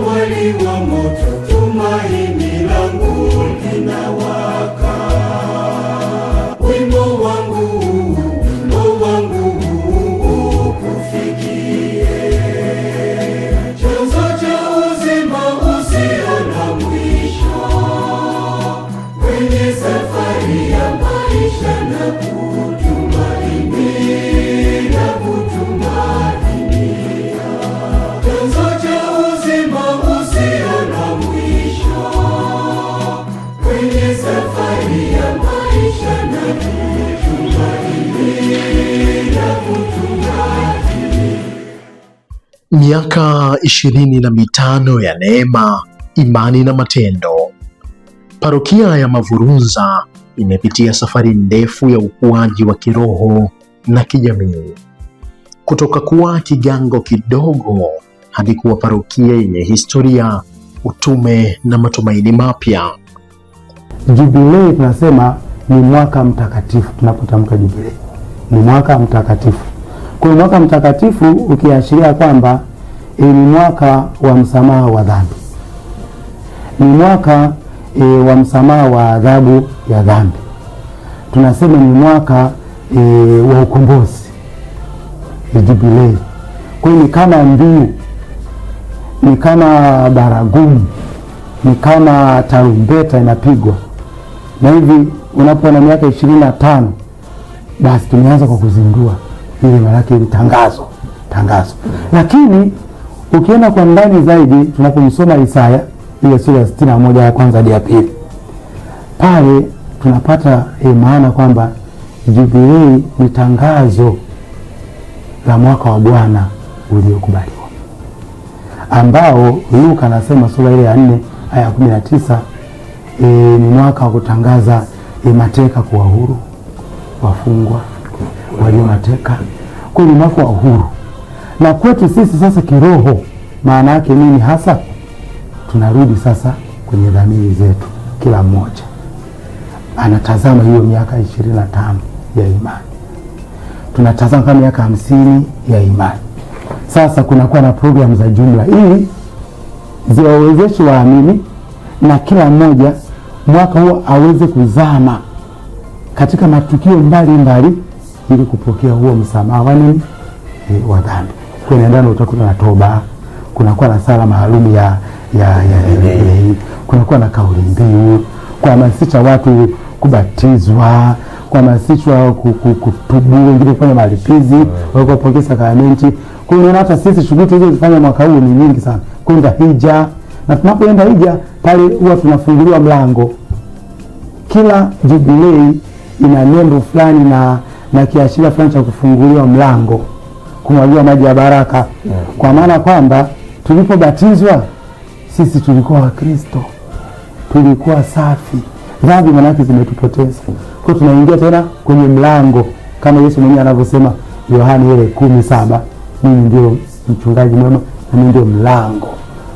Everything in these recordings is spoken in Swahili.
mwali wa moto, tumaini langu linawaka. Miaka ishirini na mitano ya neema, imani na matendo. Parokia ya Mavurunza imepitia safari ndefu ya ukuaji wa kiroho na kijamii, kutoka kuwa kigango kidogo hadi kuwa parokia yenye historia, utume na matumaini mapya. Jubilei tunasema ni mwaka mtakatifu. Tunapotamka jubilei, ni mwaka mtakatifu. Kwa mwaka mtakatifu ukiashiria kwamba e, ni mwaka wa msamaha wa dhambi, ni mwaka e, wa msamaha wa adhabu ya dhambi. Tunasema ni mwaka e, wa ukombozi, e, jubilei. Kwa hiyo ni kama mbiu, ni kama baragumu, ni kama tarumbeta inapigwa. Na hivi unapokuwa na miaka ishirini na tano basi tumeanza kwa kuzindua ile maraki ili tangazo tangazo, lakini Ukienda kwa ndani zaidi tunapomsoma Isaya ile sura ya sitini na moja ya kwanza hadi ya pili, pale tunapata e, maana kwamba jubilei ni tangazo la mwaka wa Bwana uliokubaliwa ambao Luka anasema sura ile ya nne aya ya kumi na tisa e, ni mwaka wa kutangaza e, mateka kuwa huru, wafungwa walio mateka. Kwa ni mwaka wa uhuru na kwetu sisi sasa kiroho, maana yake nini hasa? Tunarudi sasa kwenye dhamiri zetu, kila mmoja anatazama hiyo miaka ishirini na tano ya imani, tunatazama kama miaka hamsini ya imani. Sasa kunakuwa na programu za jumla ili ziwawezeshe waamini na kila mmoja mwaka huo aweze kuzama katika matukio mbalimbali mbali, ili kupokea huo msamaha wa nini e, wa dhambi kwenye ndani utakuta na toba, kunakuwa na sala maalum ya ya ya, ya kunakuwa na kauli mbiu kuhamasisha watu kubatizwa, kuhamasishwa kutubu, wengine kufanya malipizi, kuwapokea sakramenti. Kwa hiyo hata sisi shughuli tulizofanya mwaka huu ni nyingi sana, kwenda hija, na tunapoenda hija pale huwa tunafunguliwa mlango. Kila jubilei ina nembo fulani na na kiashiria fulani cha kufunguliwa mlango kumwagia maji ya baraka mm. Kwa maana kwamba tulipobatizwa sisi tulikuwa Wakristo, tulikuwa safi, dhambi manake zimetupoteza, kwa tunaingia tena kwenye mlango kama Yesu mwenyewe anavyosema Yohani ile kumi saba, mimi ndio mchungaji mwema na mimi ndio mlango.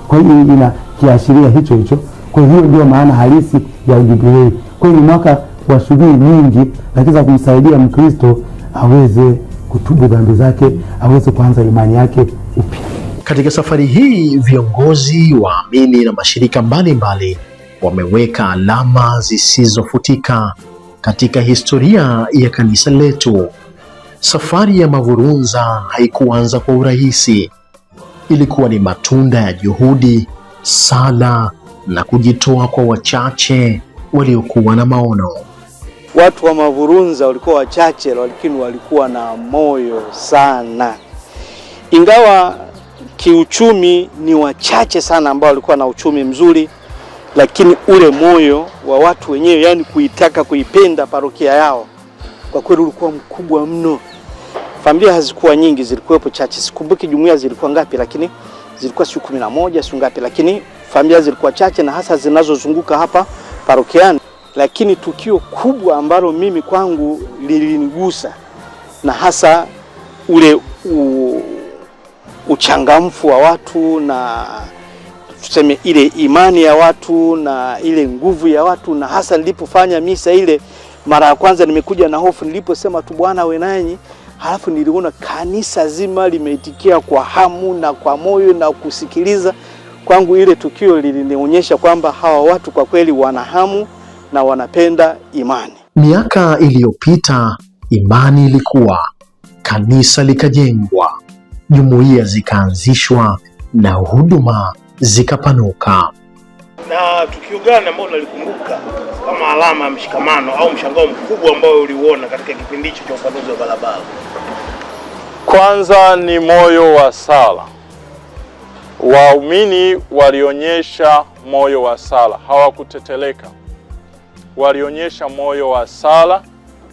Kwa hiyo ina kiashiria hicho hicho. Kwa hiyo ndio maana halisi ya jubilei. Kwa hiyo ni mwaka wa shughuli nyingi lakini za kumsaidia Mkristo aweze kutubu dhambi zake, aweze kuanza imani yake upya. Katika safari hii viongozi, waamini na mashirika mbalimbali wameweka alama zisizofutika katika historia ya kanisa letu. Safari ya Mavurunza haikuanza kwa urahisi. Ilikuwa ni matunda ya juhudi, sala na kujitoa kwa wachache waliokuwa na maono watu wa Mavurunza walikuwa wachache, lakini walikuwa na moyo sana, ingawa kiuchumi ni wachache sana ambao walikuwa na uchumi mzuri, lakini ule moyo wa watu wenyewe, yani kuitaka kuipenda parokia yao, kwa kweli ulikuwa mkubwa mno. Familia hazikuwa nyingi, zilikuwepo chache. Sikumbuki jumuiya zilikuwa ngapi, lakini zilikuwa siku kumi na moja, si ngapi, lakini familia zilikuwa chache, na hasa zinazozunguka hapa parokiani lakini tukio kubwa ambalo mimi kwangu lilinigusa na hasa ule u, uchangamfu wa watu na tuseme ile imani ya watu na ile nguvu ya watu, na hasa nilipofanya misa ile mara ya kwanza, nimekuja na hofu niliposema tu Bwana we nanyi, halafu niliona kanisa zima limeitikia kwa hamu na kwa moyo na kusikiliza. Kwangu ile tukio lilinionyesha kwamba hawa watu kwa kweli wana hamu na wanapenda imani. Miaka iliyopita imani ilikuwa, kanisa likajengwa, jumuiya zikaanzishwa na huduma zikapanuka. Na tukio gani ambalo nalikumbuka kama alama ya mshikamano au mshangao mkubwa ambao uliuona katika kipindi hicho cha upanuzi wa barabara? Kwanza ni moyo wa sala. Waumini walionyesha moyo wa sala, hawakuteteleka walionyesha moyo wa sala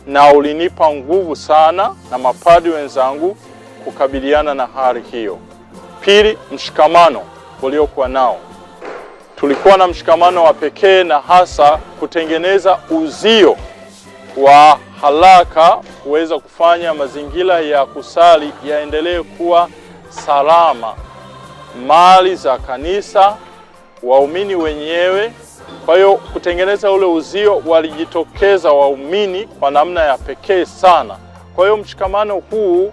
na ulinipa nguvu sana na mapadri wenzangu kukabiliana na hali hiyo. Pili, mshikamano uliokuwa nao, tulikuwa na mshikamano wa pekee na hasa kutengeneza uzio wa haraka kuweza kufanya mazingira ya kusali yaendelee kuwa salama, mali za kanisa, waumini wenyewe kwa hiyo kutengeneza ule uzio, walijitokeza waumini kwa namna ya pekee sana. Kwa hiyo mshikamano huu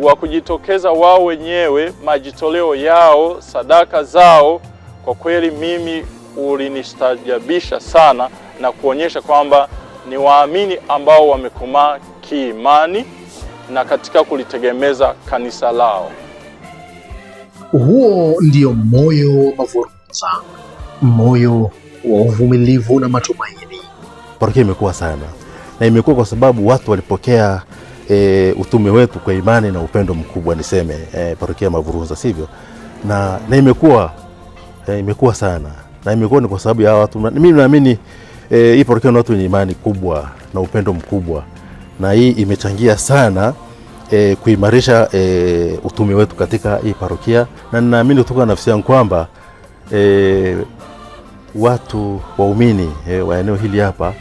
wa kujitokeza wao wenyewe, majitoleo yao, sadaka zao, kwa kweli mimi ulinistajabisha sana na kuonyesha kwamba ni waamini ambao wamekomaa kiimani na katika kulitegemeza kanisa lao. Huo ndio moyo wa Mavurunza, moyo wa uvumilivu na matumaini. Parokia imekuwa sana na imekuwa kwa sababu watu walipokea e, utume wetu kwa imani na upendo mkubwa, niseme e, parokia Mavurunza, sivyo? Na, na imekuwa e, imekuwa sana na imekuwa ni kwa sababu ya watu. Mimi naamini e, hii parokia na watu wenye imani kubwa na upendo mkubwa, na hii imechangia sana e, kuimarisha e, utume wetu katika hii parokia, na ninaamini kutoka nafsi yangu kwamba e, watu waumini eh, wa eneo hili hapa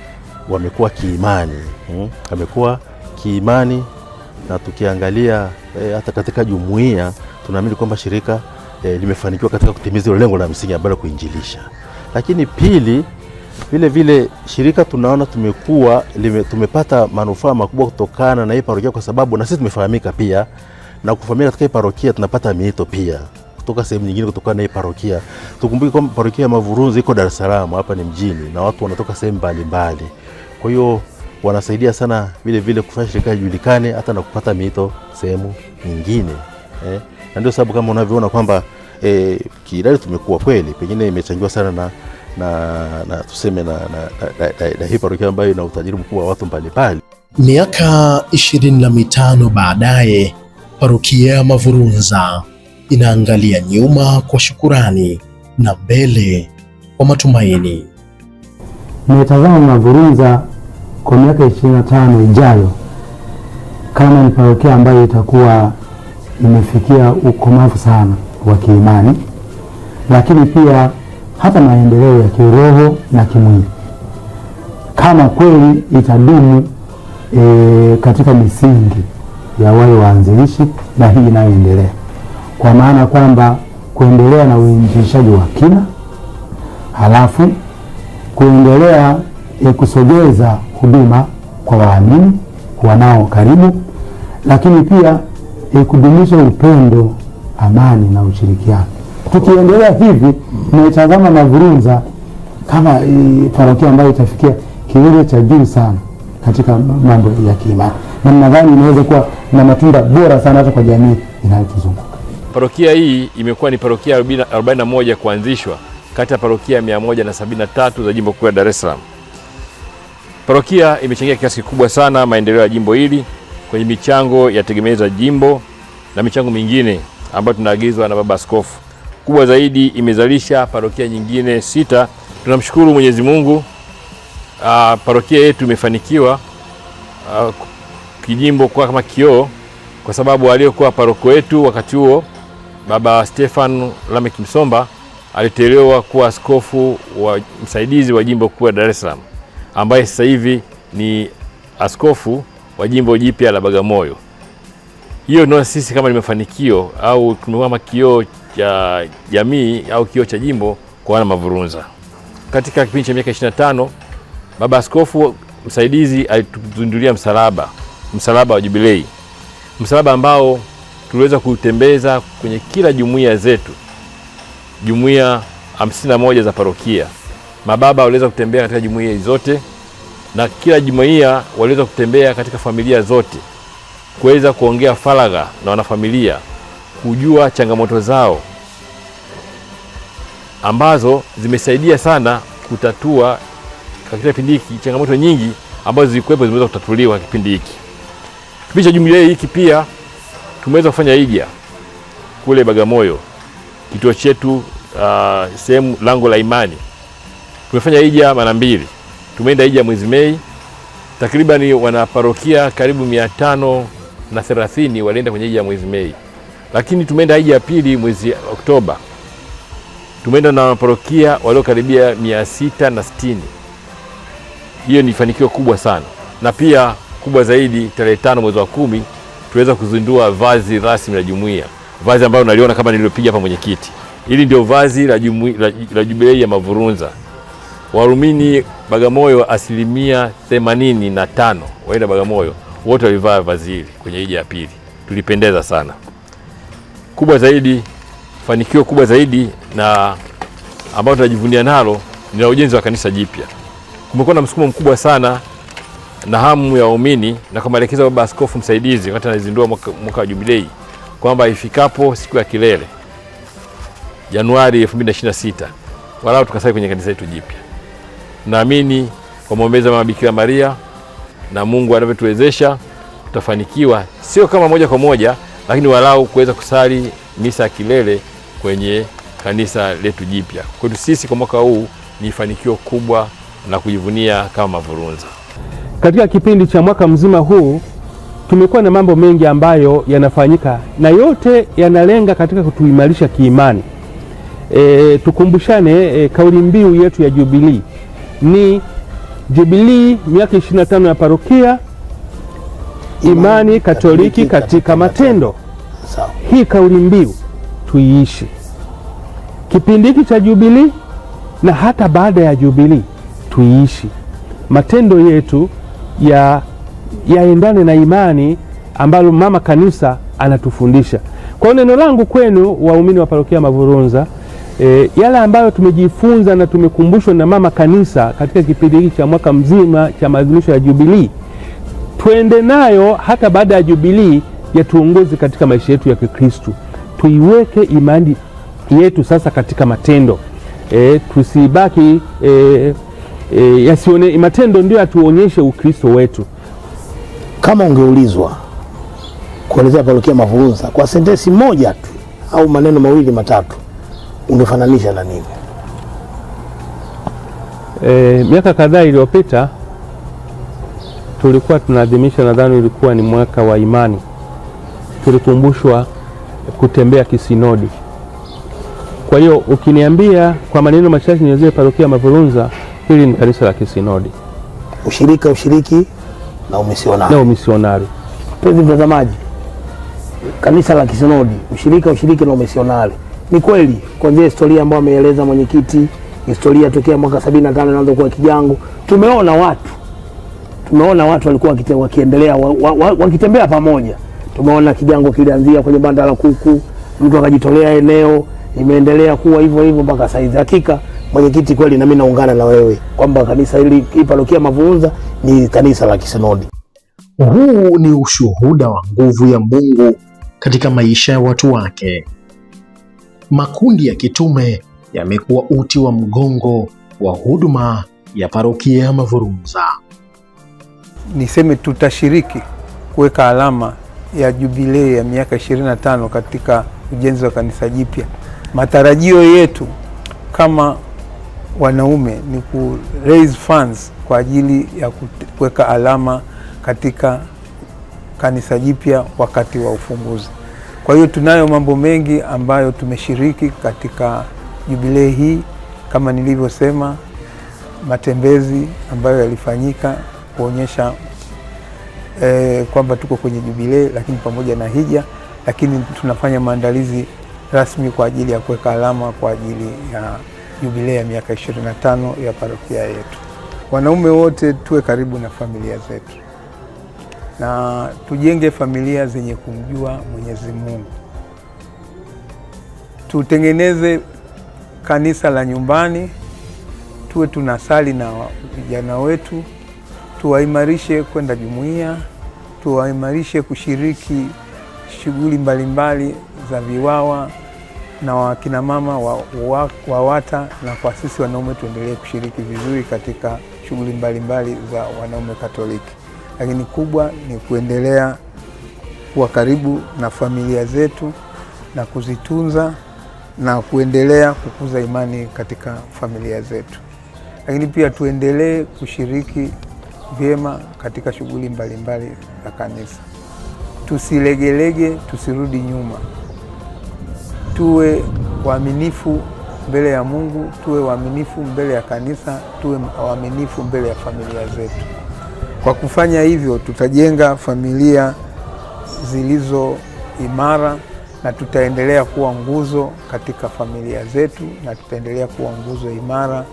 wamekuwa kiimani hmm, wamekuwa kiimani na tukiangalia eh, hata katika jumuiya tunaamini kwamba shirika eh, limefanikiwa katika kutimiza ile lengo la msingi ambalo kuinjilisha. Lakini pili vile vile shirika tunaona tumekuwa tumepata manufaa makubwa kutokana na hii parokia, kwa sababu na sisi tumefahamika pia na kufahamika katika hii parokia tunapata miito pia kutoka sehemu nyingine kutokana na hii parokia. Tukumbuke kwamba parokia ya Mavurunzi iko Dar es Salaam, hapa ni mjini na watu wanatoka sehemu mbalimbali, kwa hiyo wanasaidia sana vile vile kufanya shirika lijulikane hata na kupata miito sehemu nyingine eh. Na ndio sababu kama unavyoona kwamba eh, kiidadi tumekuwa kweli, pengine imechangiwa sana na na, na tuseme na, na, na, na, na na hii parokia ambayo ina utajiri mkubwa wa watu mbalimbali. Miaka ishirini na mitano baadaye parokia ya Mavurunza inaangalia nyuma kwa shukurani na mbele kwa matumaini. Nimetazama Navurunza kwa miaka 25 na tano ijayo kama ni parokia ambayo itakuwa imefikia ukomavu sana wa kiimani, lakini pia hata maendeleo ya kiroho na kimwili, kama kweli itadumu e, katika misingi ya wale waanzilishi na hii inayoendelea kwa maana kwamba kuendelea na uinjilishaji wa kina, halafu kuendelea e, kusogeza huduma kwa waamini wanao karibu, lakini pia e, kudumisha upendo, amani na ushirikiano. Tukiendelea hivi, tunaitazama mavurunza kama e, parokia ambayo itafikia kilele cha juu sana katika mambo ya kiimani, na nadhani inaweza kuwa na matunda bora sana hata kwa jamii inayotuzunguka. Parokia hii imekuwa ni parokia 41 kuanzishwa kati ya parokia 173 za jimbo kuu la Dar es Salaam. Parokia imechangia kiasi kikubwa sana maendeleo ya jimbo hili kwenye michango ya tegemezi za jimbo na michango mingine ambayo tunaagizwa na baba askofu. Kubwa zaidi imezalisha parokia nyingine sita. Tunamshukuru Mwenyezi Mungu, uh, parokia yetu imefanikiwa uh, kijimbo kwa kama kioo, kwa sababu aliokuwa paroko wetu wakati huo Baba Stefan Lameck Msomba aliteuliwa kuwa askofu wa msaidizi wa jimbo kuu la Dar es Salaam ambaye sasa hivi ni askofu wa jimbo jipya la Bagamoyo. Hiyo naona sisi kama ni mafanikio au tumekuwa kioo cha jamii au kioo cha jimbo kwa wana Mavurunza. Katika kipindi cha miaka 25 baba askofu msaidizi alituzindulia msalaba, msalaba wa Jubilei, msalaba ambao tuliweza kutembeza kwenye kila jumuiya zetu, jumuiya hamsini na moja za parokia. Mababa waliweza kutembea katika jumuiya zote na kila jumuiya waliweza kutembea katika familia zote kuweza kuongea faragha na wanafamilia, kujua changamoto zao ambazo zimesaidia sana kutatua katika kipindi hiki. Changamoto nyingi ambazo zilikuwepo zimeweza kutatuliwa kipindi hiki. Kipindi cha jumuiya hiki pia tumeweza kufanya ija kule Bagamoyo, kituo chetu uh, sehemu lango la imani. Tumefanya ija mara mbili, tumeenda ija mwezi Mei, takriban wanaparokia karibu mia tano na thelathini walienda kwenye iga mwezi Mei, lakini tumeenda ija ya pili mwezi Oktoba, tumeenda na wanaparokia waliokaribia mia sita na sitini. Hiyo ni fanikio kubwa sana, na pia kubwa zaidi, tarehe tano mwezi wa kumi tuweza kuzindua vazi rasmi la jumuiya, vazi ambalo naliona kama nililopiga hapa mwenyekiti. Hili ndio vazi la, la, la jubilei ya Mavurunza. Warumini Bagamoyo asilimia themanini na tano waenda Bagamoyo wote walivaa vazi hili kwenye hija ya pili. Tulipendeza sana. Kubwa zaidi, fanikio kubwa zaidi na ambayo tunajivunia nalo ni la ujenzi wa kanisa jipya. Kumekuwa na msukumo mkubwa sana na hamu ya waumini na kwa maelekezo ya Baba Askofu msaidizi wakati anazindua mwaka wa jubilei kwamba ifikapo siku ya kilele Januari 2026 walau tukasali kwenye kanisa letu jipya. Naamini kwa maombezi ya Mama Bikira Maria na Mungu anavyotuwezesha tutafanikiwa, sio kama moja kwa moja, lakini walau kuweza kusali misa ya kilele kwenye kanisa letu jipya. Kwetu sisi kwa mwaka huu ni fanikio kubwa na kujivunia kama Mavurunza. Katika kipindi cha mwaka mzima huu tumekuwa na mambo mengi ambayo yanafanyika na yote yanalenga katika kutuimarisha kiimani. E, tukumbushane e, kauli mbiu yetu ya Jubilii ni Jubilii miaka 25 ya parokia imani Katoliki katika matendo. Hii kauli mbiu tuiishi kipindi hiki cha Jubilii na hata baada ya Jubilii tuiishi matendo yetu ya yaendane na imani ambalo mama kanisa anatufundisha. Kwa hiyo neno langu kwenu waumini wa parokia Mavurunza, e, yale ambayo tumejifunza na tumekumbushwa na mama kanisa katika kipindi hiki cha mwaka mzima cha maadhimisho ya Jubilii, tuende nayo hata baada ya Jubilii, yatuongoze katika maisha yetu ya Kikristo. Tuiweke imani yetu sasa katika matendo, e, tusibaki e, e, yasione matendo ndio yatuonyeshe Ukristo wetu. Kama ungeulizwa kuelezea parokia Mavurunza kwa sentensi moja tu au maneno mawili matatu, ungefananisha na nini? E, miaka kadhaa iliyopita tulikuwa tunaadhimisha, nadhani ilikuwa ni mwaka wa imani, tulikumbushwa kutembea kisinodi. Kwa hiyo ukiniambia kwa maneno machache niwezee parokia Mavurunza Hili ni kanisa la kisinodi, ushirika, ushiriki na umisionari, na umisionari. Mpenzi mtazamaji, kanisa la kisinodi, ushirika, ushiriki na umisionari, ni kweli kwanzia historia ambayo ameeleza mwenyekiti, historia tokea mwaka 75 inaanza kuwa kijango. Tumeona watu tumeona watu walikuwa wakiendelea wakitembea wa, wa, wa pamoja. Tumeona kijango kilianzia kwenye banda la kuku, mtu akajitolea eneo, imeendelea kuwa hivyo hivyo mpaka saizi hakika mwenyekiti, kweli nami naungana na wewe kwamba kanisa hili hii Mavunza ni kanisa la kisinodi. Huu ni ushuhuda wa nguvu ya Mungu katika maisha ya watu wake. Makundi ya kitume yamekuwa uti wa mgongo wa huduma ya parokia ya Mavurunza. Niseme tutashiriki kuweka alama ya jubilei ya miaka 25 katika ujenzi wa kanisa jipya. Matarajio yetu kama wanaume ni ku raise funds kwa ajili ya kuweka alama katika kanisa jipya wakati wa ufunguzi. Kwa hiyo tunayo mambo mengi ambayo tumeshiriki katika jubilei hii, kama nilivyosema, matembezi ambayo yalifanyika kuonyesha e, kwamba tuko kwenye jubilei, lakini pamoja na hija, lakini tunafanya maandalizi rasmi kwa ajili ya kuweka alama kwa ajili ya jubilei ya miaka 25 ya parokia yetu. Wanaume wote tuwe karibu na familia zetu na tujenge familia zenye kumjua Mwenyezi Mungu, tutengeneze kanisa la nyumbani, tuwe tunasali na vijana wetu, tuwaimarishe kwenda jumuiya, tuwaimarishe kushiriki shughuli mbalimbali za viwawa na wakinamama wa WAWATA wa, WATA na kwa sisi wanaume tuendelee kushiriki vizuri katika shughuli mbalimbali za wanaume Katoliki, lakini kubwa ni kuendelea kuwa karibu na familia zetu na kuzitunza na kuendelea kukuza imani katika familia zetu, lakini pia tuendelee kushiriki vyema katika shughuli mbalimbali za kanisa, tusilegelege, tusirudi nyuma tuwe waaminifu mbele ya Mungu, tuwe waaminifu mbele ya kanisa, tuwe waaminifu mbele ya familia zetu. Kwa kufanya hivyo, tutajenga familia zilizo imara na tutaendelea kuwa nguzo katika familia zetu na tutaendelea kuwa nguzo imara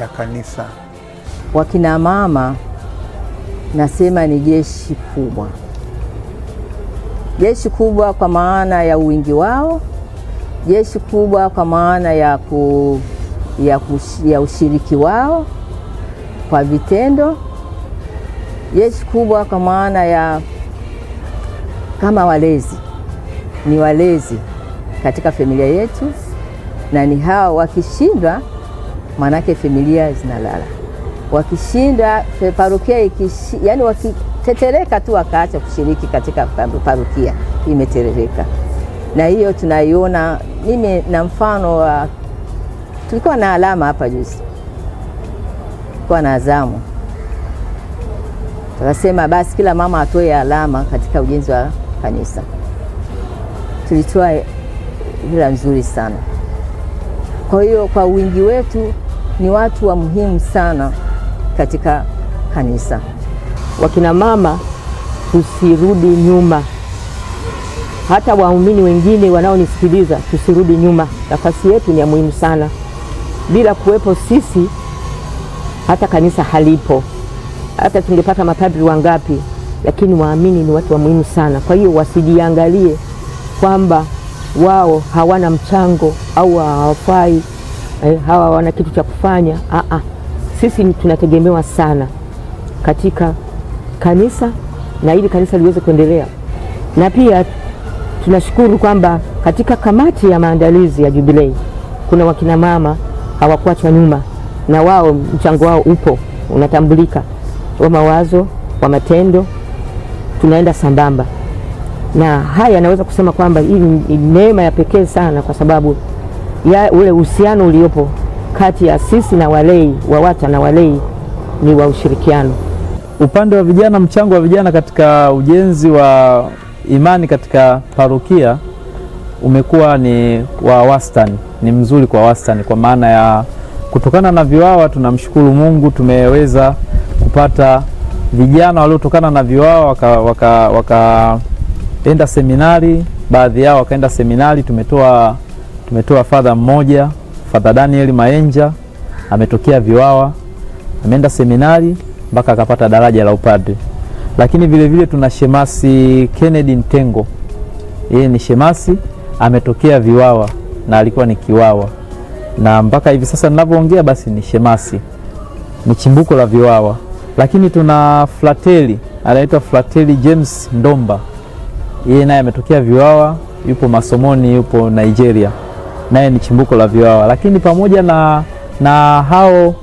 ya kanisa. Wakina mama nasema ni jeshi kubwa, jeshi kubwa kwa maana ya wingi wao jeshi kubwa kwa maana ya, ku, ya, kush, ya ushiriki wao kwa vitendo, jeshi kubwa kwa maana ya kama walezi, ni walezi katika familia yetu, na ni hawa wakishindwa, maanake familia zinalala. Wakishinda parokia ikishi, yani wakitetereka tu, wakaacha kushiriki katika parokia, imetetereka na hiyo tunaiona mimi na mfano wa uh, tulikuwa na alama hapa juzi, tulikuwa na Azamu, tukasema basi kila mama atoe alama katika ujenzi wa kanisa. Tulitoa hela nzuri sana. Kwa hiyo kwa wingi wetu ni watu wa muhimu sana katika kanisa. Wakina mama, tusirudi nyuma hata waumini wengine wanaonisikiliza, tusirudi nyuma. Nafasi yetu ni ya muhimu sana. Bila kuwepo sisi, hata kanisa halipo, hata tungepata mapadri wangapi. Lakini waamini ni watu wa muhimu sana, kwa hiyo wasijiangalie kwamba wao hawana mchango au hawafai, eh, hawa hawana kitu cha kufanya. Aa, sisi tunategemewa sana katika kanisa na ili kanisa liweze kuendelea na pia Tunashukuru kwamba katika kamati ya maandalizi ya Jubilei kuna wakinamama hawakuachwa nyuma, na wao mchango wao upo unatambulika, wa mawazo, wa matendo, tunaenda sambamba na haya. Naweza kusema kwamba hii ni neema ya pekee sana, kwa sababu ya ule uhusiano uliopo kati ya sisi na walei WAWATA na walei ni wa ushirikiano. Upande wa vijana, mchango wa vijana katika ujenzi wa imani katika parokia umekuwa ni wa wastani, ni mzuri kwa wastani, kwa maana ya kutokana na viwawa, tunamshukuru Mungu tumeweza kupata vijana waliotokana na viwawa wakaenda waka, waka seminari, baadhi yao wakaenda seminari. Tumetoa tumetoa fadha mmoja, Fadha Daniel Maenja ametokea viwawa, ameenda seminari mpaka akapata daraja la upadre. Lakini vilevile vile tuna shemasi Kennedy Ntengo, yeye ni shemasi ametokea Viwawa na alikuwa ni Kiwawa na mpaka hivi sasa ninavyoongea basi ni shemasi, ni chimbuko la Viwawa. Lakini tuna frateli anaitwa frateli James Ndomba, yeye naye ametokea Viwawa, yupo masomoni, yupo Nigeria, naye ni chimbuko la Viwawa. Lakini pamoja na, na hao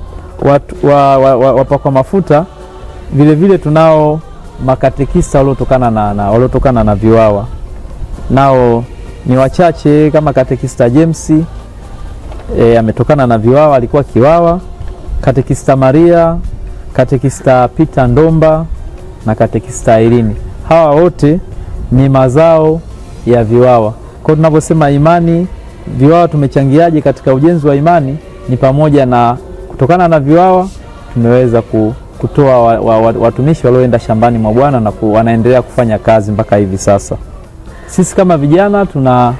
wapakwa wa, wa, wa, mafuta vilevile tunao makatekista waliotokana na, na, waliotokana na viwawa nao ni wachache, kama katekista James e, ametokana na viwawa, alikuwa kiwawa. Katekista Maria, katekista Peter Ndomba na katekista Irini, hawa wote ni mazao ya viwawa. Kwa tunavyosema imani viwawa tumechangiaje katika ujenzi wa imani, ni pamoja na kutokana na viwawa tumeweza ku kutoa wa, wa, wa, walioenda shambani mwa Bwana na ku, wanaendelea kufanya kazi mpaka hivi sasa. Sisi kama vijana tuna,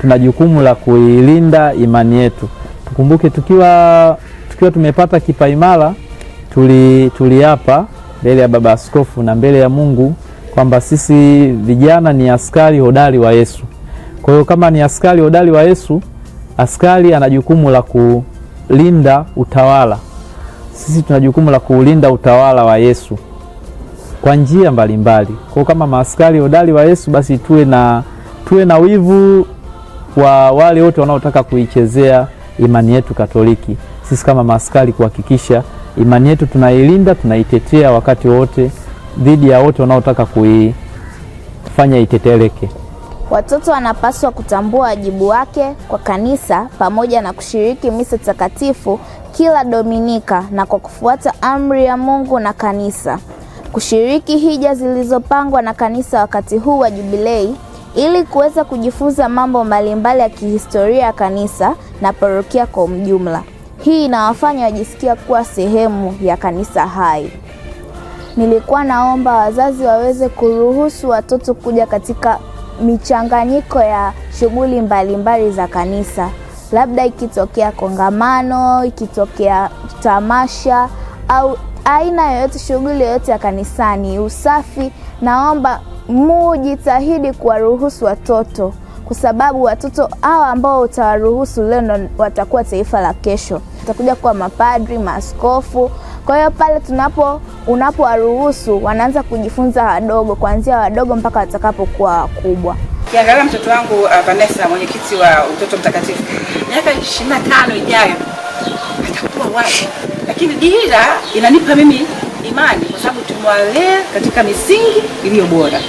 tuna jukumu la kuilinda imani yetu. Tukumbuke tukiwa, tukiwa tumepata kipaimara tuliapa tuli mbele ya Baba Askofu na mbele ya Mungu kwamba sisi vijana ni askari hodari wa Yesu. Kwa hiyo kama ni askari hodari wa Yesu, askari ana jukumu la kulinda utawala sisi tuna jukumu la kuulinda utawala wa Yesu kwa njia mbalimbali. Kwa kama maaskari hodari wa Yesu, basi tuwe na tuwe na wivu wa wale wote wanaotaka kuichezea imani yetu Katoliki. Sisi kama maaskari kuhakikisha imani yetu tunailinda, tunaitetea wakati wote dhidi ya wote wanaotaka kuifanya iteteleke. Watoto wanapaswa kutambua wajibu wake kwa kanisa pamoja na kushiriki misa takatifu kila Dominika na kwa kufuata amri ya Mungu na kanisa kushiriki hija zilizopangwa na kanisa wakati huu wa Jubilei ili kuweza kujifunza mambo mbalimbali ya kihistoria ya kanisa na parokia kwa ujumla. Hii inawafanya wajisikia kuwa sehemu ya kanisa hai. Nilikuwa naomba wazazi waweze kuruhusu watoto kuja katika michanganyiko ya shughuli mbalimbali za kanisa labda ikitokea kongamano, ikitokea tamasha au aina yoyote, shughuli yoyote ya kanisani, usafi, naomba mujitahidi kuwaruhusu watoto, kwa sababu watoto hawa ambao utawaruhusu leo ndo watakuwa taifa la kesho, watakuja kuwa mapadri, maaskofu. Kwa hiyo pale tunapo unapowaruhusu wanaanza kujifunza wadogo, kuanzia wadogo mpaka watakapokuwa wakubwa. Kiangalia mtoto wangu uh, Vanessa mwenyekiti wa Utoto Mtakatifu, miaka 25 ijayo atakuwa wapi? Lakini dira inanipa mimi imani, kwa sababu tumwalea katika misingi iliyo bora,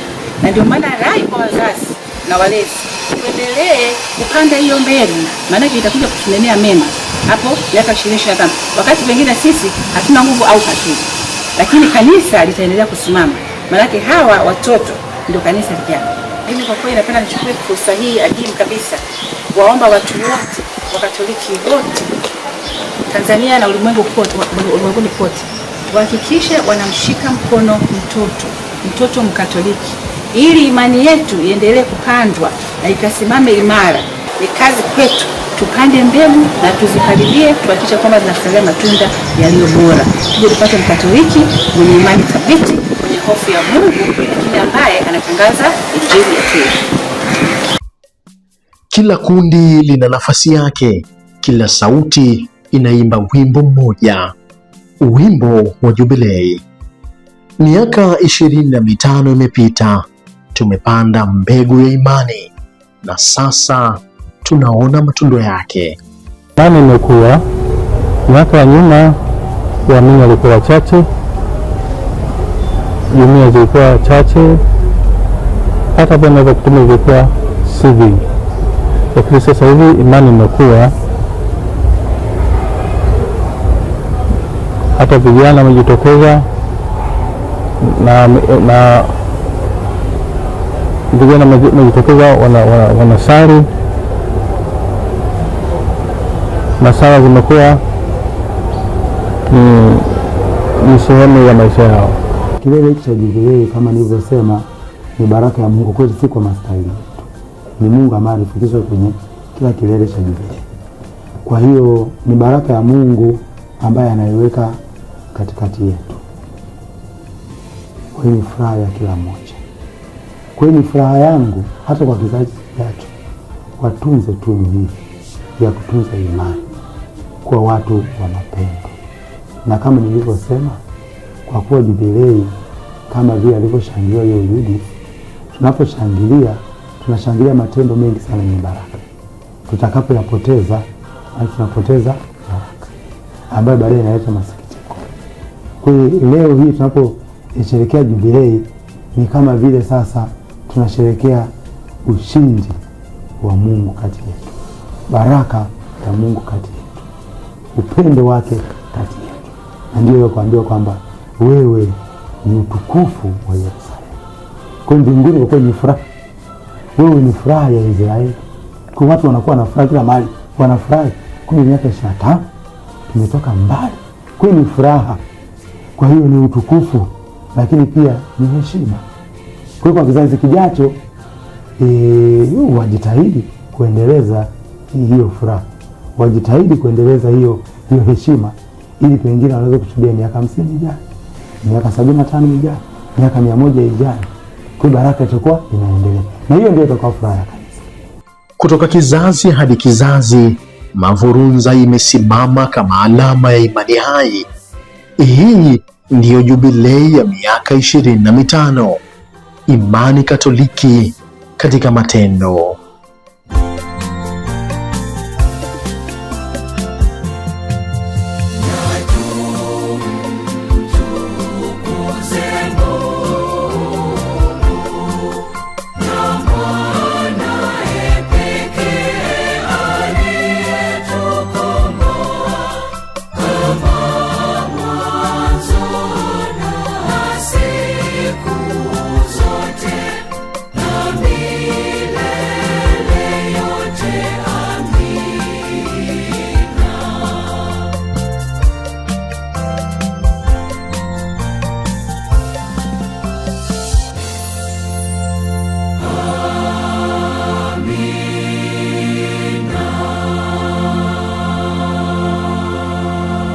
na ndio maana rai kwa wazazi na walezi tuendelee kupanda hiyo mbegu, maanake itakuja kutunenea mema hapo miaka 25, wakati pengine sisi hatuna nguvu au hatuna, lakini kanisa litaendelea kusimama, maanake hawa watoto ndio kanisa lijao. Mimi kwa kweli napenda nichukue fursa hii adimu kabisa waomba watu wote wa katoliki wote Tanzania na ulimwengu ulimwenguni kote wahakikishe wanamshika mkono mtoto mtoto Mkatoliki ili imani yetu iendelee kupandwa na ikasimame imara. Ni kazi kwetu tupande mbegu na tuzipalilie, kuhakikisha kwamba zinatuzia matunda yaliyo bora, tuje tupate wiki mwenye imani thabiti, mwenye hofu ya Mungu, lakini ambaye anatangaza injili ya kweli. Kila kundi lina nafasi yake, kila sauti inaimba wimbo mmoja, wimbo wa Jubilei. Miaka ishirini na mitano imepita, tumepanda mbegu ya imani na sasa tunaona matundo yake. Nani imekuwa miaka ya nyuma, waamini walikuwa wachache, jumuiya zilikuwa chache, hata vyama vya kitume vilikuwa si vingi, lakini sasa hivi imani imekuwa hata vijana wamejitokeza na, na vijana wamejitokeza wanasari wana, wana Masala zimekuwa ni, ni sehemu ya maisha yao. Kilele hichi cha Jubilei kama nilivyosema ni baraka ya Mungu kwetu, si kwa mastahili yetu, ni Mungu ambaye alifikishwa kwenye kila kilele cha Jubilei. Kwa hiyo ni baraka ya Mungu ambaye anaiweka katikati yetu. Kwa hiyo ni furaha ya kila mmoja. Kwa hiyo ni furaha yangu hata kwa kizazi kijacho, watunze tunu hii ya kutunza imani kuwa watu wanapenda, na kama nilivyosema, kwa kuwa jubilei kama vile alivyoshangilia hiyo yudi, tunaposhangilia tunashangilia matendo mengi sana yenye baraka. Tutakapoyapoteza na tunapoteza baraka ambayo baadaye inaleta masikitiko. Kwa hiyo leo hii tunaposherekea jubilei ni kama vile sasa tunasherekea ushindi wa Mungu kati yetu, baraka ya Mungu kati upendo wake kati yetu, na ndio kuambiwa kwamba wewe ni utukufu wa Yerusalemu. Kwa mbinguni kwa kweli ni furaha, wewe ni furaha ya Israeli. Kwa watu wanakuwa na furaha kila mahali, wanafurahi kumi miaka ishirini na tano tumetoka mbali. Kwa ni furaha, kwa hiyo ni utukufu, lakini pia ni heshima. Kwa hiyo kwa kizazi kijacho e, wajitahidi kuendeleza hiyo furaha wajitahidi kuendeleza hiyo hiyo heshima, ili pengine wanaweza kushuhudia miaka hamsini ijayo, miaka sabini na tano ijayo, miaka mia moja ijayo, kwa baraka itakuwa inaendelea, na hiyo ndio itakuwa furaha ya kanisa. Kutoka kizazi hadi kizazi, Mavurunza imesimama kama alama ya imani hai. Hii ndiyo jubilei ya miaka ishirini na mitano imani Katoliki katika matendo.